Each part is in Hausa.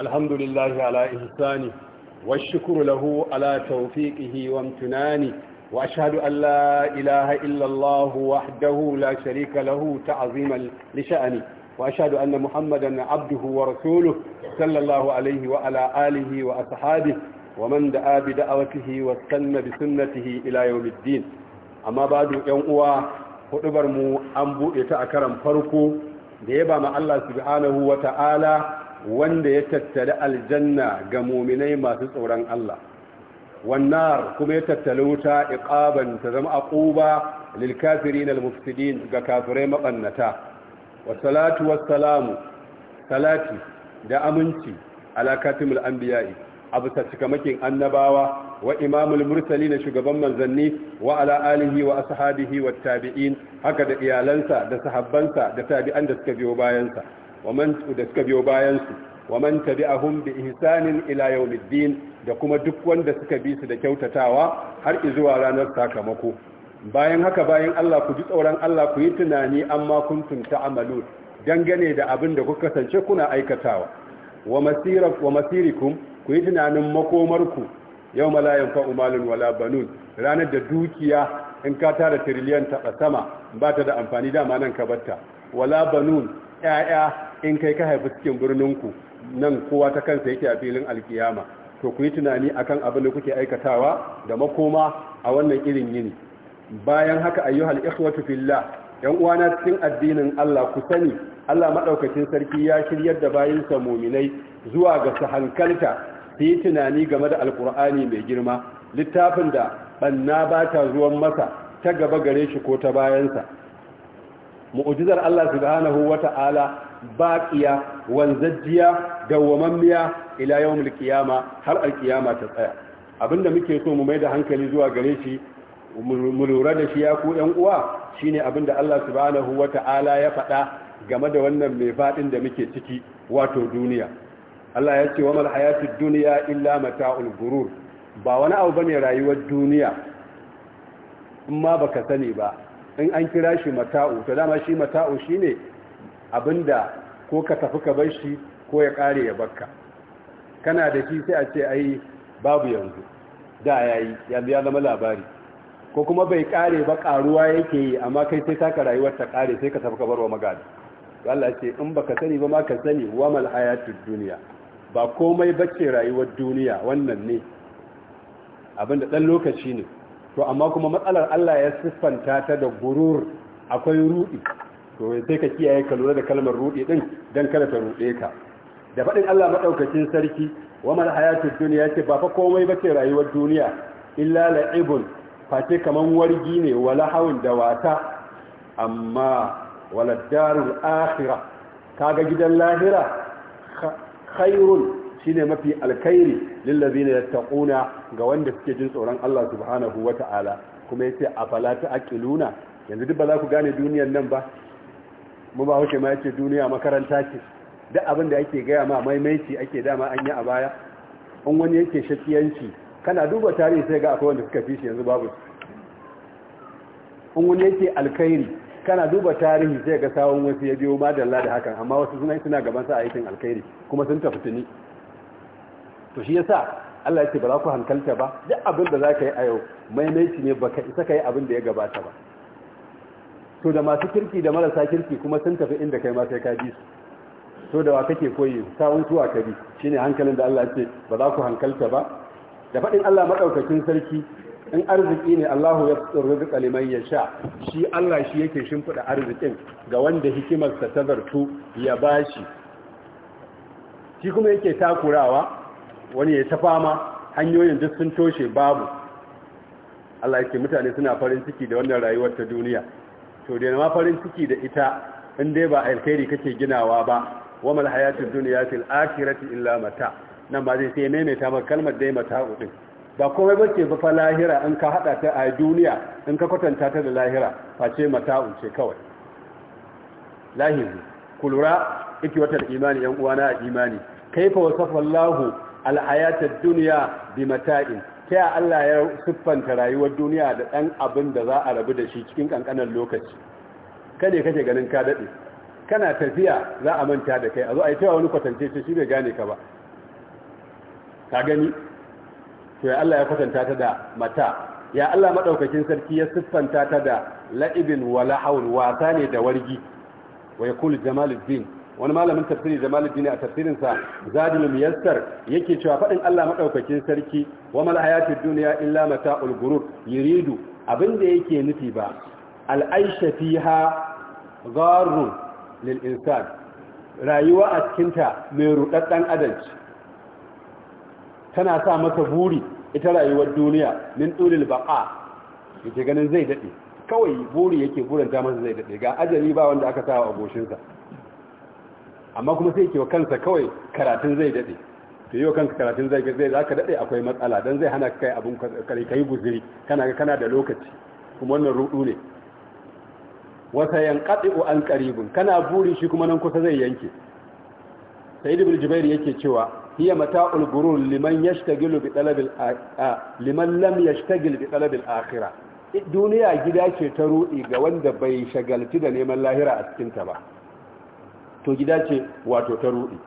الحمد لله على إحسانه والشكر له على توفيقه وامتنانه وأشهد أن لا إله إلا الله وحده لا شريك له تعظيما لشأنه وأشهد أن محمدا عبده ورسوله صلى الله عليه وعلى آله وأصحابه ومن دعا بدعوته واستنى بسنته إلى يوم الدين أما بعد يوم أوا hudubar mu an buɗe ta a karan farko da ya ba ma Allah subhanahu wa ta'ala wanda ya tattali aljanna ga muminai masu tsoron Allah wannan kuma ya tattali wuta iqaban ta zama aquba lil kafirin al mufsidin ga kafirai mabannata wa salatu wassalamu salati da aminci ala katimul anbiya'i abu ta cikamakin annabawa wa imamul mursalin shugaban manzanni wa ala alihi wa ashabihi wat tabi'in haka da iyalansa da sahabbansa da tabi'an da suka biyo bayansa ومن da suka biyo bayan su waman tabi'ahum bi ihsanin ila da kuma duk wanda suka bi su da kyautatawa har zuwa ranar sakamako bayan haka bayan Allah ku ji tsoron Allah ku yi tunani amma kun kuntum amalu dangane da abin da kuka kasance kuna aikatawa wa masirak wa masirikum ku yi tunanin makomarku yau la fa umalun wala banun ranar da dukiya in ka tara tiriliyan ta sama ba ta da amfani dama nan ka batta wala banun ƴaƴa in kai ka haifi cikin birninku nan kowa ta kansa yake a filin alkiyama to ku yi tunani akan abin da kuke aikatawa da makoma a wannan irin yini bayan haka ayyuhal ikhwatu fillah yan uwana cikin addinin Allah ku sani Allah madaukakin sarki ya shiryar da sa muminai zuwa ga su hankalta su yi tunani game da alkur'ani mai girma littafin da banna ba ta zuwan masa ta gaba gare shi ko ta bayansa mu'ujizar Allah subhanahu wata'ala baqiya wanzajjiya dawwamammiya ila yawmul qiyama har alqiyama ta tsaya abinda muke so mu mai da hankali zuwa gare shi mu lura da shi ya ku ɗan uwa shine abinda Allah subhanahu wata'ala ya faɗa game da wannan mai fadin da muke ciki wato duniya Allah ya ce wa mal hayatud dunya illa mata'ul ghurur ba wani abu bane rayuwar duniya in baka sani ba in an kira shi mata'u to dama shi mata'u shine abinda ko ka tafi ka bar shi ko ya kare ya bakka kana da shi sai a ce ai babu yanzu da yayi yanzu ya zama labari ko kuma bai kare ba karuwa yake yi amma kai sai taka rayuwar ta kare sai ka tafi ka barwa magadi Allah ce in baka sani ba ma ka sani wa mal hayatud duniya ba komai bace rayuwar duniya wannan ne abinda dan lokaci ne to amma kuma matsalar Allah ya siffanta ta da gurur akwai ruɗi. to sai ka kiyaye ka lura da kalmar rudi din dan kada ta rude ka da faɗin Allah madaukakin sarki wa mal hayatud dunya ce ba fa komai ba ce rayuwar duniya illa la'ibun face kaman wargi ne wala hawun da wata amma wala darul akhirah kaga gidan lahira khairun shine mafi alkhairi lillazina yattaquna ga wanda suke jin tsoron Allah subhanahu wata'ala kuma yace afala ta'qiluna yanzu duk ba za ku gane duniyar nan ba mu ba wuce ma yace duniya makaranta ce duk abin da ake gaya ma maimaici ake dama an yi a baya in wani yake shakiyanci kana duba tarihi sai ga akwai wanda suka fi shi yanzu babu in wani yake alkhairi kana duba tarihi sai ga sawon wasu ya biyo ma da hakan amma wasu suna suna gaban sa aikin alkhairi kuma sun tafi tuni to shi yasa Allah ya ce ba za ku hankalta ba duk abin da za ka yi a yau maimaici ne baka isa ka yi abin da ya gabata ba to da masu kirki da marasa kirki kuma sun tafi inda kai ma sai ka bi su to da wa kake koyi sawun suwa ka bi shine hankalin da Allah ce ba za ku hankalta ba da faɗin Allah madaukakin sarki in arziki ne Allahu ya rizqa liman yasha shi Allah shi yake shimfida arzikin ga wanda hikimar ta zartu ya bashi shi kuma yake takurawa wani ya tafama hanyoyin duk sun toshe babu Allah yake mutane suna farin ciki da wannan rayuwar ta duniya to da ma farin ciki da ita in dai ba alkhairi kake ginawa ba wa mal hayatud dunya fil akhirati illa mata nan ba zai sai maimaita ba kalmar dai mata din ba komai bace ba fa lahira in ka hada ta a duniya in ka kwatanta ta da lahira face mata'un ce kawai Lahiri kulura iki wata imani yan uwana a imani kaifa wasafa Allahu al duniya dunya bi mata'in ta Allah ya siffanta rayuwar duniya da ɗan abin da za a rabu da shi cikin ƙanƙanan lokaci kane kake ganin ka daɗe kana tafiya za a manta da kai a zo a yi cewa wani kwatance ce shi bai gane ka ba ka gani to ya Allah ya kwatanta ta da mata ya Allah maɗaukakin sarki ya siffanta ta da la'ibin wa wasa ne da wargi wa yakul jamaluddin wani malamin tafsiri jamaluddin a tafsirinsa zadi miyassar yake cewa fadin Allah madaukakin sarki wa mal hayatud dunya illa mata'ul ghurur yuridu abinda yake nufi ba al aisha fiha gharun lil insan rayuwa a cikin ta mai rudaddan adalci tana sa masa buri ita rayuwar duniya min tulil baqa yake ganin zai dade kawai buri yake burin masa zai dade ga ajali ba wanda aka sawa a goshinsa amma kuma sai ke wa kansa kawai karatun zai daɗe to yi wa kanka karatun zai zai za ka daɗe akwai matsala don zai hana kai abin kare kai guziri kana ga kana da lokaci kuma wannan rudu ne wata yankaɗi o an ƙaribin kana burin shi kuma nan kusa zai yanke sai ibn jubair yake cewa hiya mata'ul gurur liman yashtagilu bi talabil liman lam yashtagil bi talabil akhirah duniya gida ce ta rudi ga wanda bai shagalci da neman lahira a cikin ta ba to gida ce wato ta ruɗi.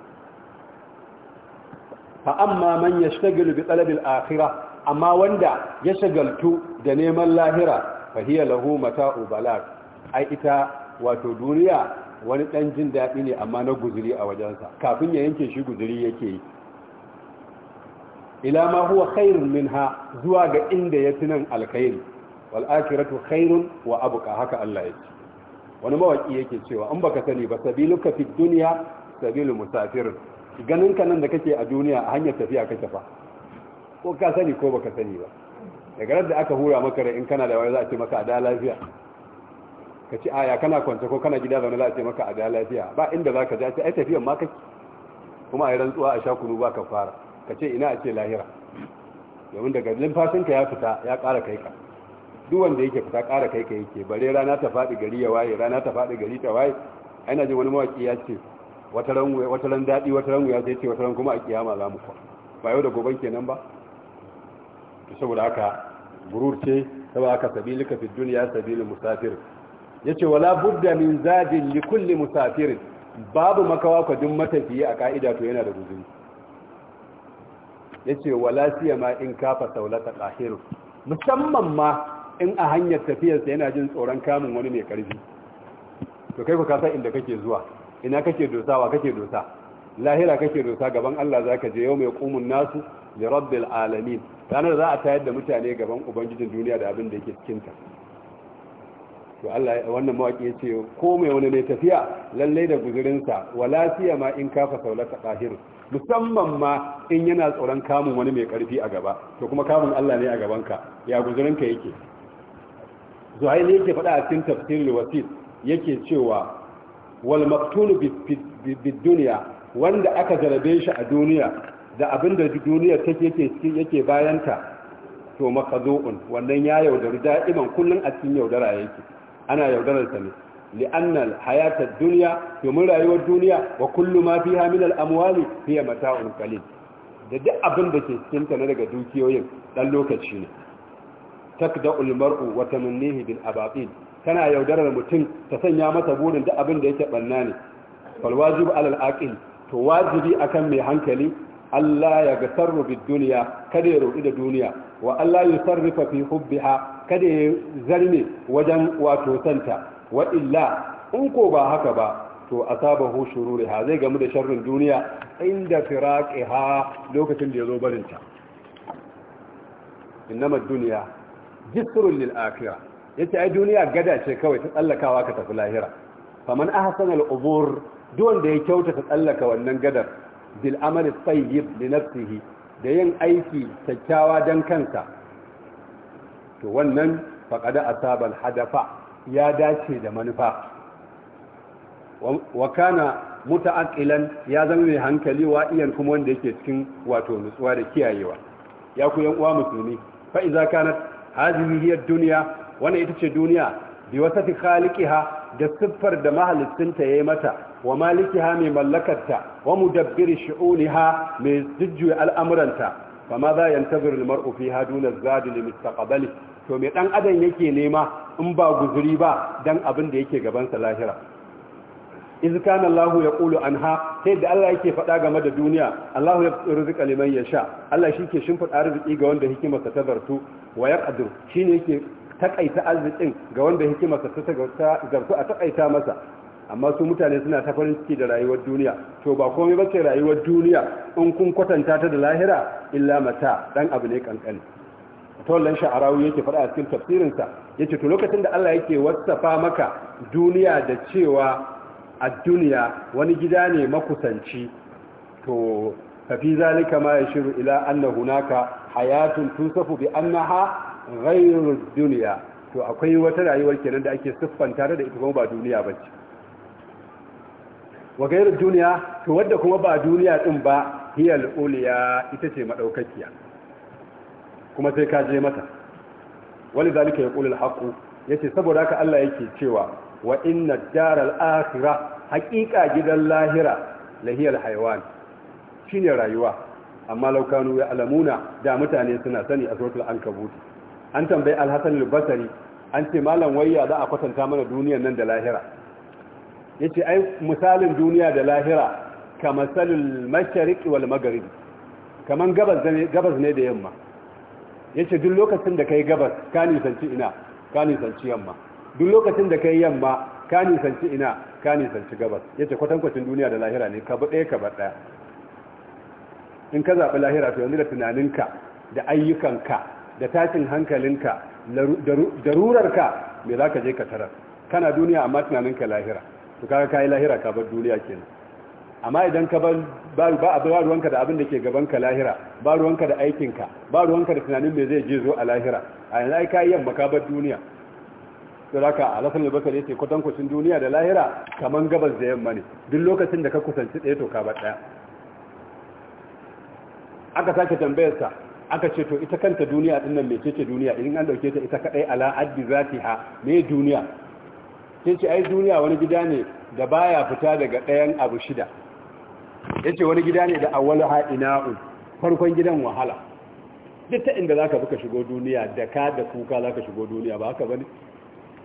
fa amma man yashtaghilu bi talabil akhira, amma wanda ya shagaltu da neman lahira fa hiya lahu mata'u balak ai ita wato duniya wani dan jin dadi ne amma na guzuri a wajensa kafin ya yanke shi guzuri yake yi ila ma huwa khairun minha zuwa ga inda yafi nan alkhairi wal akhiratu khairun wa abqa haka Allah yake wani mawaki yake cewa an baka sani ba sabiluka fi duniya sabilu musafir ganin ka nan da kake a duniya a hanyar tafiya kake fa ko ka sani ko baka sani ba daga da aka hura maka rai in kana da wani za a ce maka a da lafiya ka ci aya kana kwance ko kana gida zaune za a ce maka a da lafiya ba inda za ka ja ce ai tafiyan ma kake kuma a yi rantsuwa a sha kunu ba ka fara ka ce ina a ce lahira domin daga limfashinka ya fita ya ƙara kai ka duk wanda yake fita ƙara kai ka yake bare rana ta faɗi gari ya waye rana ta faɗi gari ta waye ina jin wani mawaki ya ce wata ran daɗi wata ran ya ce wata ran kuma a kiyama za mu kwa ba yau da goben kenan ba saboda haka gurur ce saboda haka sabili ka fi duniya sabili musafir ya ce wala budda min zadin li kulli musafirin babu makawa ka duk matafiyi a ka'ida to yana da guzuri ya ce wala siyama in kafa saulata ƙahiru musamman ma in a hanyar tafiyarsa yana jin tsoron kamun wani mai karfi to kai ka kasa inda kake zuwa ina kake dosawa kake dosa lahira kake dosa gaban Allah zaka je yau mai qumun nasu li rabbil alamin ranar za a tayar da mutane gaban ubangijin duniya da abin da yake cikin ta to Allah wannan mawaki yace ko mai wani mai tafiya lalle da guzurin sa wala ma in kafa saulata qahir musamman ma in yana tsoron kamun wani mai karfi a gaba to kuma kamun Allah ne a gaban ka ya guzurin ka yake ne yake faɗa a cikin tafsirul wasit yake cewa wal maktulu bid wanda aka jarabe shi a duniya da abin da duniya take yake yake bayanta to makazu'un wannan ya yaudari da'iman kullun a cikin yaudara yake ana yaudarar ta ne li'anna hayata dunya domin rayuwar duniya wa kullu ma fiha min al-amwali hiya mata'un qalil da duk abin da ke cikin ta na daga dukiyoyin dan lokaci ne takda'ul mar'u wa tamannihi bil abatil kana yaudarar mutum ta sanya masa burin da abin da yake banna ne fal wajib alal aqil to wajibi akan mai hankali Allah ya gasarru bid duniya kada ya roƙi da duniya wa Allah ya fi hubbiha kada ya zarme wajen wato santa wa illa in ko ba haka ba to asabahu shururiha zai gamu da sharrin duniya inda firaqiha lokacin da yazo barinta innama duniya jisrun lil akhirah yace ai duniya gada ce kawai ta tsallakawa ka tafi lahira faman ahsana al umur duwan da ya kyauta ta tsallaka wannan gadar bil amal tayyib li nafsihi da yin aiki kyakkyawa dan kansa to wannan faqad asaba al hadafa ya dace da manufa wa kana muta'aqilan ya zama mai hankali wa iyan kuma wanda yake cikin wato nutsuwa da kiyayewa ya ku yan uwa musulmi fa iza kanat hadhihi hiya duniya wannan ita ce duniya bi wasati khaliqiha da siffar da mahalicinta yayi mata wa malikiha mai mallakarta wa mudabbiri shu'uniha mai jujjuya al'amuranta fa ma za al mar'u fiha duna zadi mustaqbali to me dan adam yake nema in ba guzuri ba dan abin da yake gaban sa lahira iz kana Allahu yaqulu anha sai da Allah yake faɗa game da duniya Allahu yarzuqa liman yasha Allah shi ke shimfida arziki ga wanda hikima ta tabartu wa yaqdir shine yake takaita arzikin ga wanda hikima ta garku a takaita masa amma su mutane suna ta farin ciki da rayuwar duniya to ba komai ba ce rayuwar duniya in kun kwatanta ta da lahira illa mata dan abu ne kankani to wallan sha'arawi yake faɗa a cikin tafsirinsa yace to lokacin da Allah yake wasafa maka duniya da cewa a duniya wani gida ne makusanci to fafi zalika ma ya shiru ila anna hunaka hayatun tusafu bi annaha ghayru duniya to akwai wata rayuwar kenan da ake siffanta da ita kuma ba duniya bace wa ghayru duniya to wadda kuma ba duniya din ba hiyal uliya ita ce madaukakiya kuma sai ka je mata wani zalika ya kulul ya ce saboda haka Allah yake cewa wa inna daral akhirah haqiqa gidan lahira lahiyal haywan shine rayuwa amma laukanu ya alamuna da mutane suna sani a suratul ankabut an tambayi al-hasan al-basri an ce malam wayya za a kwatanta mana duniyar nan da lahira yace ai misalin duniya da lahira kamar salul mashariq wal maghrib kaman gabas ne gabas ne da yamma yace duk lokacin da kai gabas ka nisanci ina ka nisanci yamma duk lokacin da kai yamma ka nisanci ina ka nisanci gabas yace kwatankwacin duniya da lahira ne ka bude ka bar in ka zabi lahira to yanzu da tunaninka da ayyukanka da tashin hankalinka da rurarka me zaka je ka tarar kana duniya amma tunaninka lahira to kaga kai lahira ka bar duniya kenan amma idan ka bar ba ba ruwanka da abin da ke gaban ka lahira ba ruwanka da aikinka ba ruwanka da tunanin me zai je zo a lahira a yanzu ai kai yamma ka bar duniya don a alasan albakar ya ce kwatankwacin duniya da lahira kamar gabas da yamma ne duk lokacin da ka kusanci ɗaya to ka ba ɗaya aka sake sa aka ce to ita kanta duniya din nan ce duniya idan an dauke ta ita kadai ala addi zatiha me duniya sai ce ai duniya wani gida ne da baya fita daga ɗayan abu shida yace wani gida ne da awwalu ha'ina'un farkon gidan wahala duk ta inda zaka buka shigo duniya da ka da kuka zaka shigo duniya ba haka bane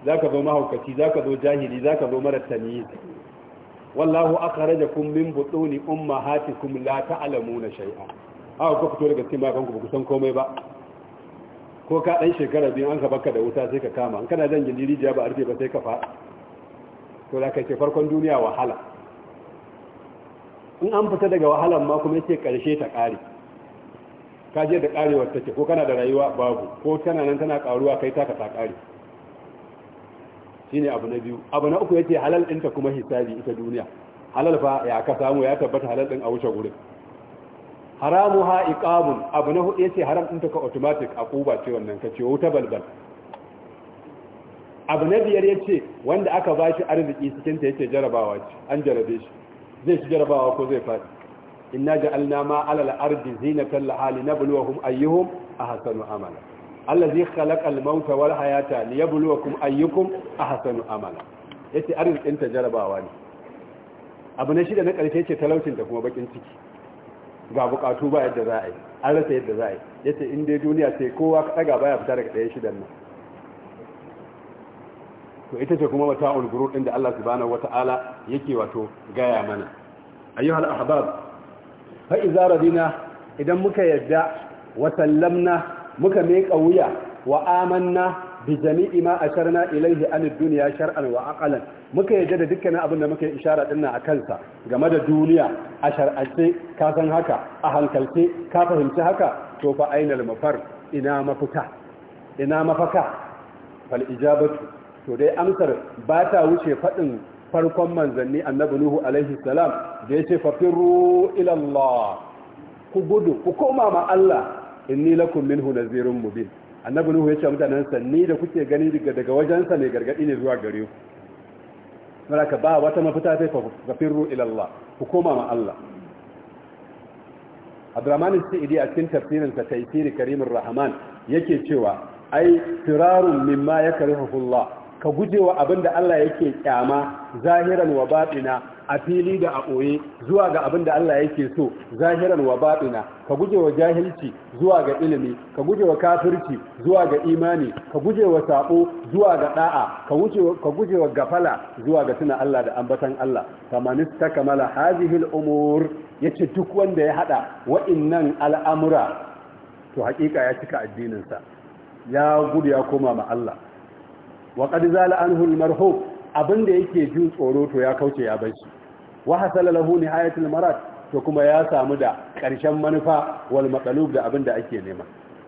za ka zo mahaukaci za ka zo jahili za ka zo mara taniyi wallahu kun min butuni kun la na shari'a haka ku fito daga cikin bakan ba ku san komai ba ko ka ɗan shekara biyu an ka baka da wuta sai ka kama kana zan gindi rijiya ba rufe ba sai ka faɗa to da ka ce farkon duniya wahala in an fita daga wahalan ma kuma yake karshe ta ƙare ka je da ta take ko kana da rayuwa babu ko tana nan tana ƙaruwa kai taka ta ƙare. shine abu na biyu abu na uku yace halal ta kuma hisabi ita duniya halal fa ya ka samu ya tabbata halal din a wuce gurin haramu ha iqabun abu na hudu yace haram ta ka automatic a kuba ce wannan kace wuta balbal abu na biyar yace wanda aka bashi arziki cikin ta yace jarabawa ce an jarabe shi zai shi jarabawa ko zai fadi inna ja'alna ma 'ala ardi zinatan li nabluwahum ayyuhum ahsanu amala allazi khalaqal mauta wal hayata liyabluwakum ayyukum ahsanu amala yace arzikin ta jarabawa ne abu na shida na karshe ce talaucin da kuma bakin ciki ga bukatu ba yadda za yi an rasa yadda za a yi yace in dai duniya sai kowa ka daga baya fita daga ɗaya shidan nan to ita ce kuma wata ulgurur din da Allah subhanahu wata'ala yake wato gaya mana ayyuhal ahbab fa idza radina idan muka yadda wa sallamna muka miƙa wuya wa amanna bi jami'i ma asharna ilaihi an dunya shar'an wa aqalan muka yadda da dukkanin abin da muka yi ishara din nan akan sa game da duniya a shar'ance ka san haka a hankalce ka fahimci haka to fa ainal mafar ina ina mafaka fal ijabatu to dai amsar ba ta wuce fadin farkon manzanni annabi nuhu alaihi salam da yace fafirru ila Allah ku gudu ku koma ma Allah inni lakum minhu nazirun mubin annabi nuhu yace mutanen sa ni da kuke gani daga daga wajensa ne gargadi ne zuwa gare ku malaka ba wata mafita sai fa firru ila Allah ku koma ma Allah Abdurrahman Sa'idi a cikin tafsirin sa Taysir Karimur Rahman yake cewa ai firarun mimma yakrihu Allah ka gujewa abin da Allah yake kyama zahiran wa baɗina a fili da a ɓoye zuwa ga abin da Allah yake so zahiran wa baɗina ka gujewa jahilci zuwa ga ilimi ka gujewa kafirci zuwa ga imani ka gujewa saɓo zuwa ga ɗa'a ka gujewa gafala zuwa ga tuna Allah da ambatan Allah kamanis ta kamala hazihil umur yace duk wanda ya haɗa wa'innan al'amura to haƙiƙa ya cika addininsa ya gudu ya koma ma Allah wa qad zala anhu al-marhub abinda yake jin tsoro to ya kauce ya bar shi wa hasala lahu nihayatul marad to kuma ya samu da ƙarshen manufa wal maqalub da abinda ake nema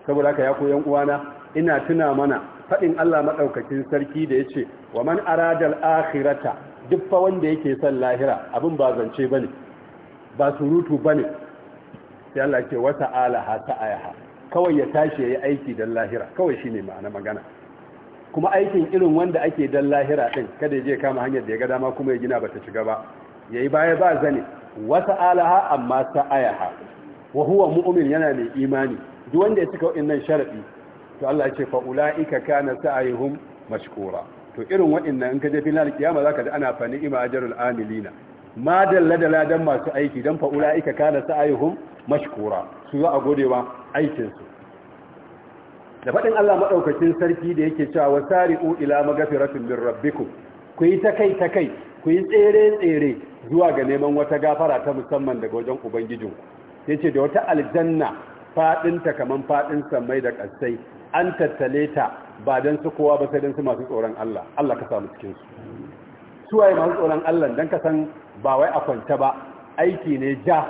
saboda haka ya koyan uwana ina tuna mana faɗin Allah madaukakin sarki da ya ce wa man aradal akhirata duk fa wanda yake son lahira abin ba zance bane ba surutu bane sai Allah ke wata alaha ta ayaha kawai ya tashi ya yi aiki don lahira kawai shine ma'ana magana kuma aikin irin wanda ake dan lahira din kada ya je kama hanyar da ya ga dama kuma ya gina bata shiga ba yayi baya ba zane wata alaha amma sa'ayaha wa huwa mu'min yana mai imani duk wanda ya cika wannan sharadi to Allah ya ce fa ulaika kana sa'ayuhum mashkura to irin waɗannan in ka je filin kiyama zaka ji ana fani ima ajrul amilina ma dalladala dan masu aiki dan fa ulaika kana sa'ayuhum mashkura su za a godewa aikin su da faɗin Allah maɗaukacin sarki da yake cewa wa sari'u ila magafiratin min rabbikum ku yi ta kai ta kai ku yi tsere tsere zuwa ga neman wata gafara ta musamman daga wajen ubangijin yace da wata aljanna fadin ta kaman fadin samai da ƙasai, an tattale ta ba dan su kowa ba sai dan su masu tsoron Allah Allah ka samu cikin su waye masu tsoron Allah dan ka san ba wai a kwanta ba aiki ne ja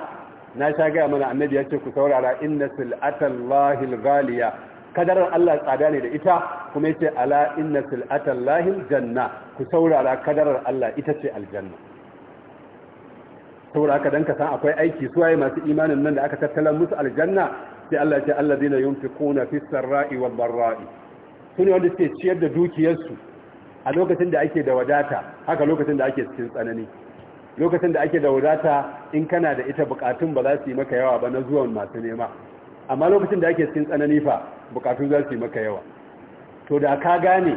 na sha gaya mana annabi ya ce ku saurara inna sil'atallahi ghaliya kadarar Allah tsada ne da ita kuma yace ala inna sil'atan lahil janna ku saurara kadarar Allah ita ce aljanna saboda haka dan ka san akwai aiki suwaye masu imanin nan da aka tattalan musu aljanna sai Allah daina ce alladina yunfiquna fis sarra'i wal dharra'i sune wanda suke ciyar da dukiyarsu a lokacin da ake da wadata haka lokacin da ake cikin tsanani lokacin da ake da wadata in kana da ita bukatun ba za su yi maka yawa ba na zuwan masu nema amma lokacin da ake cikin tsanani fa bukatu za su yi maka yawa to da ka gane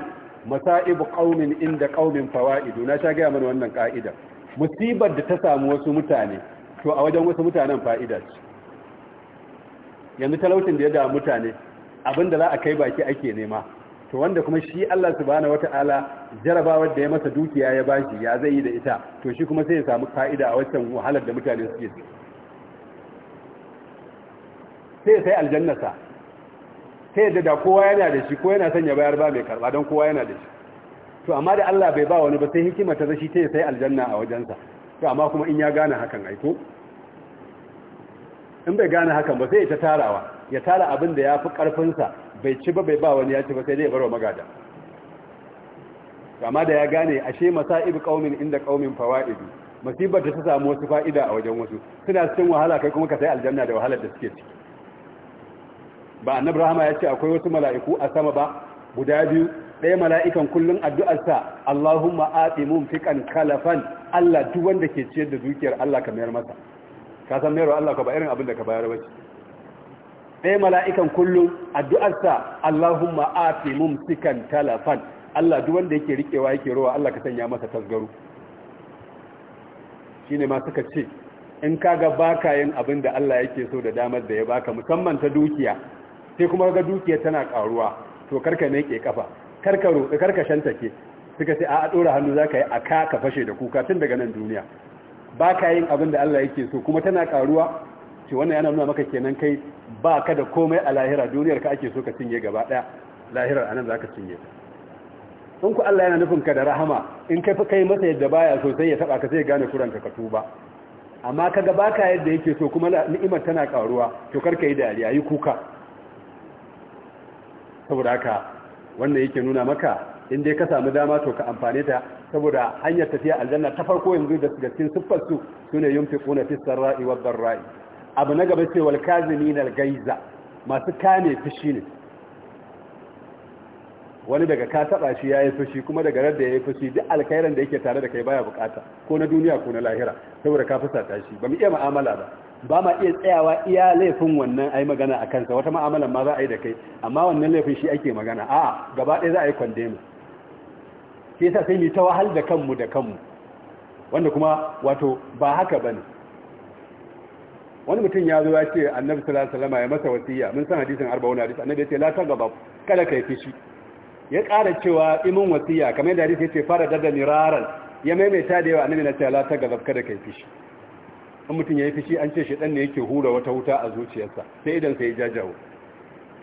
masa'ib qaumin inda qaumin fawaidu na ta ga mana wannan ka'ida musibar da ta samu wasu mutane to a wajen wasu mutanen fa'ida ce yanzu talaucin da ya da mutane abinda za a kai baki ake nema to wanda kuma shi Allah subhanahu wataala jarabawar da ya masa dukiya ya bashi ya zai yi da ita to shi kuma sai ya samu ka'ida a wancan wahalar da mutane suke ciki sai sai aljannasa sai da da kowa yana da shi ko yana son ya bayar ba mai karba don kowa yana da shi to amma da Allah bai ba wani ba sai hikima ta zashi sai sai aljanna a wajensa to amma kuma in ya gane hakan aiko in bai gane hakan ba sai ya ta tarawa ya tara abin da ya fi ƙarfinsa bai ci ba bai ba wani ya ci ba sai dai ya barwa magada amma da ya gane ashe masa'ib qaumin inda qaumin fawaidu masibar da ta samu wasu fa'ida a wajen wasu suna cikin wahala kai kuma ka sai aljanna da wahalar da suke ciki ba annabi rahama ya ce akwai wasu mala'iku a sama ba guda biyu ɗaya mala'ikan kullum addu'arsa Allahumma aɗi mun fiqan kalafan Allah duk wanda ke ciyar da dukiyar Allah ka mayar masa ka san mayar Allah ka ba irin abin da ka bayar wace ɗaya mala'ikan kullum addu'arsa Allahumma aɗi mun fiqan kalafan Allah duk wanda yake riƙewa yake rowa Allah ka sanya masa tasgaro shi ne ma suka ce in kaga baka yin abin da Allah yake so da damar da ya baka musamman ta dukiya sai kuma ga dukiyar tana karuwa to karka ke kafa karka roƙi karka shantake suka sai a ɗora hannu za ka yi a ka fashe da kuka tun daga nan duniya ba ka yin abin da Allah yake so kuma tana karuwa ce wannan yana nuna maka kenan kai ba ka da komai a lahira duniyar ka ake so ka cinye gaba ɗaya lahirar anan ka cinye ta in ku Allah yana nufin ka da rahama in kai fa kai masa yadda baya so sai ya taba ka sai gane kuranta ka tuba amma kaga baka yadda yake so kuma ni'imar tana karuwa to karka yi dariya yi kuka saboda haka wannan yake nuna maka in dai ka samu dama to ka amfane ta saboda hanyar tafiya aljanna ta farko yanzu da daga cikin siffar su sune yunfiquna fis sarra'i wad dharra'i abu na gaba ce wal kazimin al gaiza masu kame fushi ne wani daga ka taba shi yayi fushi kuma daga radda yayi fushi duk alkhairan da yake tare da kai baya bukata ko na duniya ko na lahira saboda ka fusata shi ba mu iya mu'amala ba ba ma iya tsayawa iya laifin wannan ai magana a kansa wata ma'amalan ma za a yi da kai amma wannan laifin shi ake magana a'a gaba ɗaya za a yi kwandemi sai yasa sai mu ta wahal da kanmu da kanmu wanda kuma wato ba haka bane wani mutum ya zo ya ce annabi sallallahu alaihi wasallam ya masa wasiya mun san hadisin arba'un hadis annabi ya ce la gaba kada kai fishi ya ƙara cewa imin wasiya kamar yadda hadisi ya ce fara dadda miraran ya maimaita da yawa annabi na ce la gaba kada kai fishi in mutum ya yi fushi an ce shaɗan ne yake hura wata wuta a zuciyarsa sai idan sai ya jajawo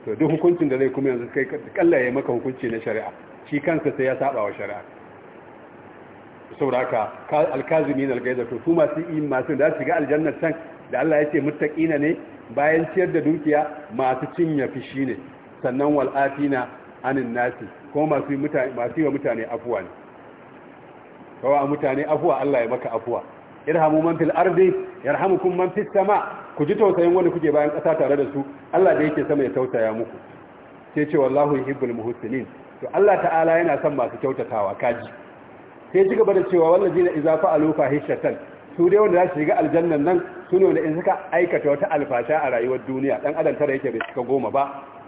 to duk hukuncin da zai kuma yanzu kai kalla ya maka hukunci na shari'a shi kansa sai ya saba wa shari'a sauraka alkazimin algaiza to su masu yi masu da shiga aljannar can da Allah ya ce muttaqina ne bayan ciyar da dukiya masu cinye fishi ne sannan wal afina anin nasi ko masu masu yi wa mutane afuwa ne kawai mutane afuwa Allah ya maka afuwa irhamu man fil ardi yarhamukum man fis sama ku ji tausayin wanda kuke bayan ƙasa tare da su Allah da yake sama ya tausaya muku sai ce wallahu yuhibbul muhsinin to Allah ta'ala yana son masu kyautatawa kaji sai ci gaba da cewa wallazina idza fa'alu fahishatan su dai wanda za su shiga aljannan nan su ne wanda in suka aikata wata alfasha a rayuwar duniya dan adam tare yake bai cika goma ba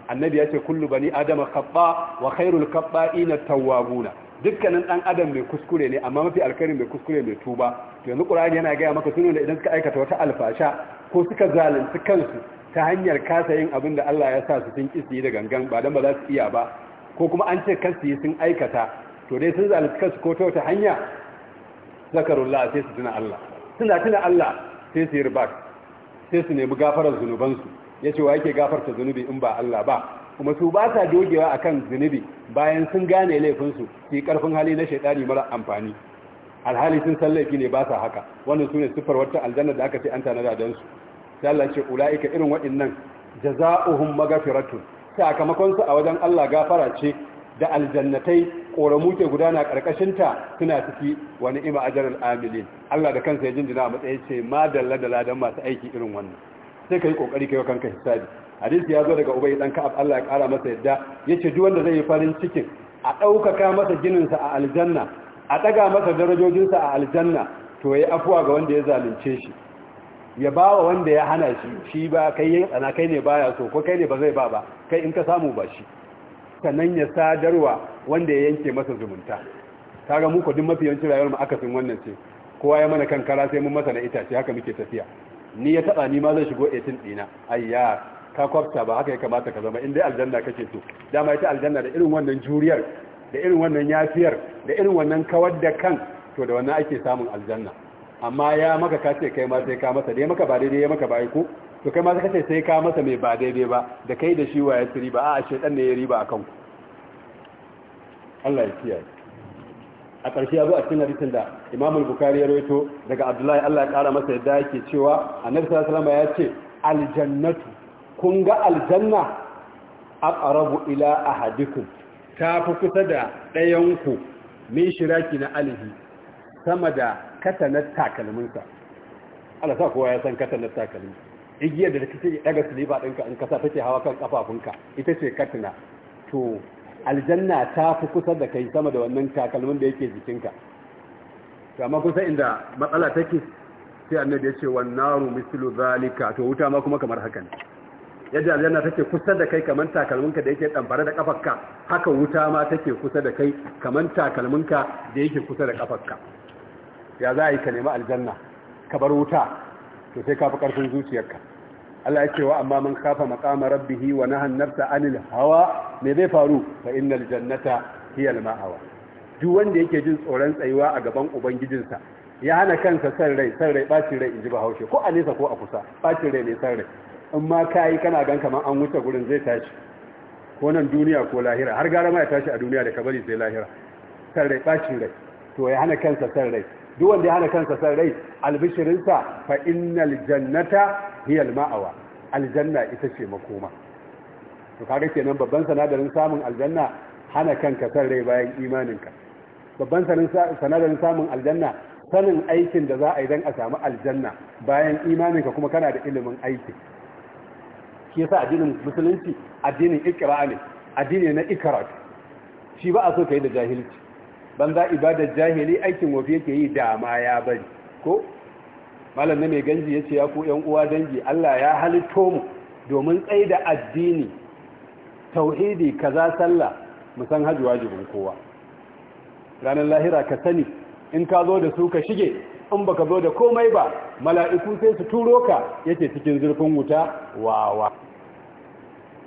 annabi ya ce kullu bani adama khata wa khairul khata'ina tawwabuna dukkanin dan adam mai kuskure ne amma mafi alkarin mai kuskure mai tuba to yanzu qur'ani yana gaya maka tunan da idan suka aikata wata alfasha ko suka zalunci kansu ta hanyar kasa yin abin da Allah ya sa su sun kisi da gangan ba dan ba za su iya ba ko kuma an ce kansu yi sun aikata to dai sun zalunci kansu ko ta wata hanya zakarullah sai su tuna Allah suna tuna Allah sai su yi sai su nemi gafarar zunubansu yace wa yake gafarta zunubi in ba Allah ba kuma su ba sa dogewa akan zunubi bayan sun gane laifinsu su yi karfin hali na shaidari mara amfani alhali sun san laifi ne ba sa haka wannan su ne siffar wata aljanna da aka ce an tanada don su sai ce ula'ika irin waɗannan jaza'uhum magafiratu sakamakon su a wajen Allah gafara ce da aljannatai ƙoramu ke gudana karkashin ta suna ciki wani ima ajarar amilin Allah da kansa ya jinjina a matsayin ce ma dalla da ladan masu aiki irin wannan sai ka yi kokari kai wa kanka hisabi hadisi ya zo daga ubay dan ka'ab Allah ya kara masa yadda yace duk wanda zai yi farin cikin a ɗaukaka masa sa a aljanna a ɗaga masa darajojin sa a aljanna to ya afuwa ga wanda ya zalunce shi ya bawa wanda ya hana shi shi ba kai yin tsana kai ne baya so ko kai ne ba zai ba ba kai in ka samu ba shi sannan ya sadarwa wanda ya yanke masa zumunta kaga mu ko duk mafi yawancin rayuwar mu akasin wannan ce kowa ya mana kankara sai mun masa na itace haka muke tafiya ni ya taba ni ma zai shigo 18 dina ayya ka kwafta ba haka ya kamata ka zama in dai aljanna kake so dama ita aljanna da irin wannan juriyar da irin wannan yafiyar da irin wannan kawar da kan to da wannan ake samun aljanna amma ya maka ka ce kai ma sai ka masa dai maka ba daidai ya maka ba ko to kai ma sai ka ce sai ka masa mai ba daidai ba da kai da shi wa ya tsiri ba a shedan ne ya riba akan ku Allah ya kiyaye a ƙarshe ya zo a cikin hadisin da Imam Bukhari ya rawaito daga Abdullahi Allah ya ƙara masa yadda yake cewa Annabi sallallahu alaihi ya ce aljannatu kun ga aljanna aqrabu ila ahadikum ta fi kusa da ɗayan ku min shiraki na alihi sama da katanar takalminsa Allah sa kowa ya san katanar takalmi igiyar da kake daga siliba ɗinka in kasa take hawa kan kafafunka ita ce katina to aljanna ta fi kusa da kai sama da wannan takalmin da yake jikinka amma kusa inda matsala take sai annabi ya ce wan naru mislu zalika to wuta ma kuma kamar haka ne yadda aljanna take kusa da kai kamar takalminka da yake damfare da kafarka haka wuta ma take kusa da kai kamar takalminka da yake kusa da kafarka ya za a yi ka nemi aljanna ka bar wuta to sai ka fi karfin zuciyarka Allah ya ce wa amma man kafa maqama rabbih wa nahan nafsa anil hawa me zai faru fa innal jannata hiya al ma'awa duk wanda yake jin tsoron tsayuwa a gaban ubangijinsa ya hana kansa san rai san rai bacin rai inji bahaushe ko a nesa ko a kusa bacin rai ne san rai in ma kai kana gan kamar an wuce gurin zai tashi ko nan duniya ko lahira har gara ma ya tashi a duniya da kabari sai lahira san rai bacin rai to ya hana kansa san rai duk wanda ya hana kansa san rai albishirinsa fa innal jannata hiya ma'awa aljanna ita ce makoma to kaga kenan babban sanadarin samun aljanna hana kanka san rai bayan imaninka babban sanadarin samun aljanna sanin aikin da za a yi don a samu aljanna bayan imaninka kuma kana da ilimin aiki shi yasa addinin musulunci addinin ikra ne addini na ikratu shi ba a so ka yi da jahilci banza ibadar jahili aikin wafi yake yi dama ya bari ko malam na mai ganji ya ya ku yan uwa dangi Allah ya halitto mu domin tsaida addini tauhidi kaza sallah mu san haji wajibin kowa ranar lahira ka sani in ka zo da su ka shige in baka zo da komai ba mala'iku sai su turo ka yake cikin zurfin wuta wawa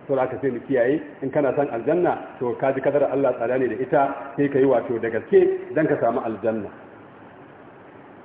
sau aka sai mu kiyaye in kana son aljanna to ka ji kadar Allah tsada ne da ita sai ka yi wato da gaske don ka samu aljanna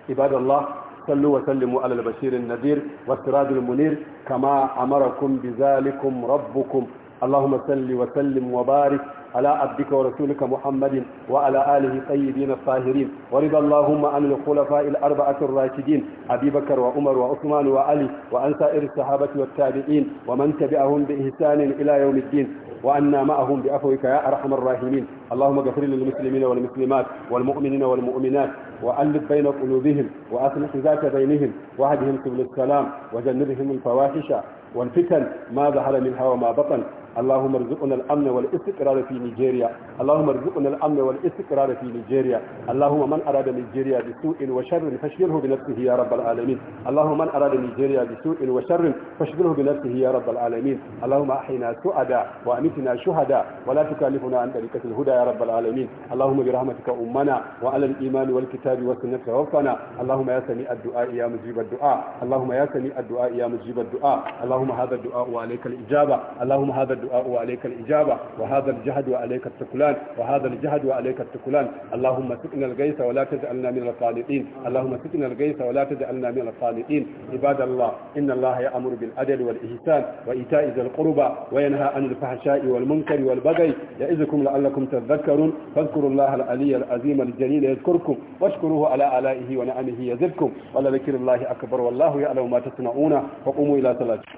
Ibadallah, Allah sallu wa sallimu ala bashirin nadir wa siradul munir kama amarakum bi zalikum rabbukum اللهم صل وسلم وبارك على عبدك ورسولك محمد وعلى آله طيبين الطاهرين ورضى اللهم عن الخلفاء الأربعة الراشدين أبي بكر وعمر وعثمان وعلي وعن سائر الصحابة والتابعين ومن تبعهم بإحسان إلى يوم الدين وأنا معهم بعفوك يا أرحم الراحمين اللهم اغفر للمسلمين والمسلمات والمؤمنين والمؤمنات وألف بين قلوبهم وأصلح ذات بينهم واهدهم سبل السلام وجنبهم الفواحش والفتن ما ظهر منها وما بطن اللهم ارزقنا الامن والاستقرار في نيجيريا اللهم ارزقنا الامن والاستقرار في نيجيريا اللهم من اراد نيجيريا بسوء وشر فاشغله بنفسه يا رب العالمين اللهم من اراد نيجيريا بسوء وشر فاشغله بنفسه يا رب العالمين اللهم احينا سعداء وامتنا شهداء ولا تكلفنا عن طريقه الهدى يا رب العالمين اللهم برحمتك امنا وعلى الايمان والكتاب والسنه توفنا اللهم يا سميع الدعاء يا مجيب الدعاء اللهم يا سميع الدعاء يا مجيب الدعاء اللهم هذا الدعاء وعليك الاجابه اللهم هذا الدعاء وعليك الإجابة وهذا الجهد وعليك التكلان وهذا الجهد وعليك التكلان اللهم سقنا الغيث ولا تجعلنا من القانطين اللهم سقنا الغيث ولا تجعلنا من القانطين عباد الله إن الله يأمر بالعدل والإحسان وإيتاء ذي القربى وينهى عن الفحشاء والمنكر والبغي يعظكم لعلكم تذكرون فاذكروا الله العلي العظيم الجليل يذكركم واشكروه على آلائه ونعمه يزدكم ولذكر الله أكبر والله يعلم ما تصنعون فقوموا إلى صلاتكم